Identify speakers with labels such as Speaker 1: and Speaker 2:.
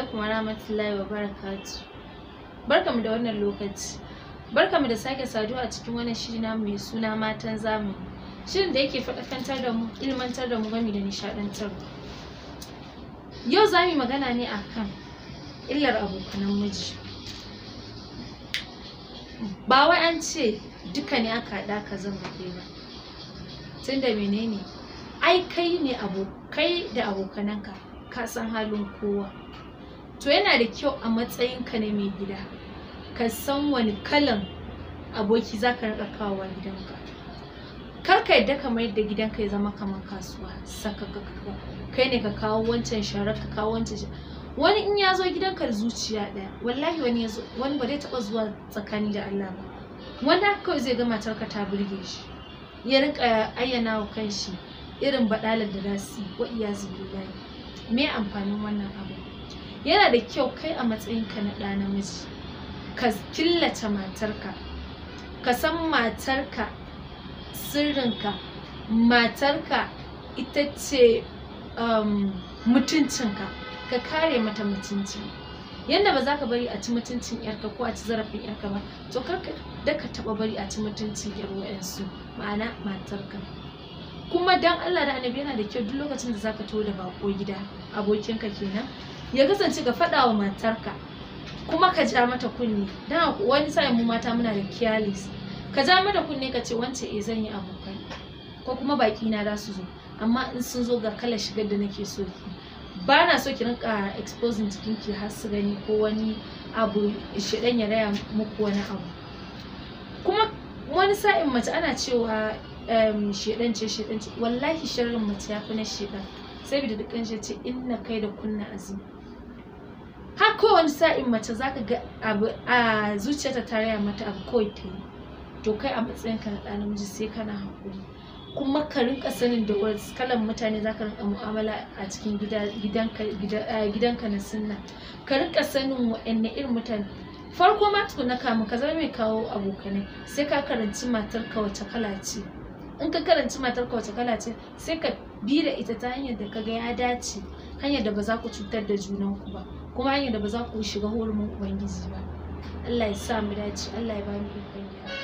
Speaker 1: alaikum wa wabarakatuh barkamu da wannan lokaci barkamu da sake saduwa a cikin wannan shiri na mai suna matan zamani shirin da yake faɗakantar da mu ilmantar da mu gami da nishaɗantar yau za mu magana ne akan illar abokanan miji ba wai an ce duka ne aka haɗa ka zama ba tunda menene ai kai ne abokai da abokananka ka san halin kowa to yana da kyau a matsayinka na mai gida ka san wani kalan aboki za ka rika kawowa gidanka kar ka yadda ka mayar da gidanka ya zama kamar kasuwa saka ka kawo kai ne ka kawo wancan sharar ka kawo wancan wani in ya zo gidanka da zuciya ɗaya wallahi wani ya zo wani ba zai taɓa zuwa tsakani da Allah ba wanda kawai zai ga matarka ta burge shi ya rinka ayyana wa kanshi irin baɗalar da za su yi wa iyazu me amfanin wannan abu yana da kyau kai a matsayinka na ɗa namiji ka killace matarka ka san matarka sirrinka matarka ita ce um, mutuncinka ka kare mata mutunci yadda ba za ka bari a ci mutuncin yarka ko a ci zarafin yarka ba to kar da ka taba bari a ci mutuncin yar wayansu ma'ana matarka kuma dan Allah da annabi yana da kyau duk lokacin da zaka to da bako gida abokinka kenan ya kasance ka faɗa wa matarka kuma ka ja mata kunne dan wani sai mu mata muna da kiyalis ka ja mata kunne ka ce wance eh zan yi abokai ko kuma baki na za su zo amma in sun zo ga kala shigar da nake so ki ba na so ki rinka exposing ki har su gani ko wani abu shidan ya raya muku wani abu kuma wani sa'in mace ana cewa shi shedan ce shedan ce wallahi sharrin mace ya fi na shedan sai bi da dukkan ce inna kai da kunna azumi har kowane sa'in mace za ka ga abu a zuciyarta ta raya mata abu kawai ta yi to kai a matsayinka na ɗan namiji sai kana haƙuri kuma ka rinka sanin da wasu kalan mutane za ka rinka mu'amala a cikin gidanka na sunna ka rinka sanin wa'anne irin mutane farko ma tukuna kamun ka zama mai kawo abokanai sai ka karanci matar ka wace kala ce in ka karanci matar ka wace kala ce sai ka bi da ita ta hanyar da ka ga ya dace hanyar da ba za ku cutar da junanku ba kuma hanyar da ba za ku shiga hurumin ubangiji ba Allah ya sa mu dace Allah ya bani mu ikon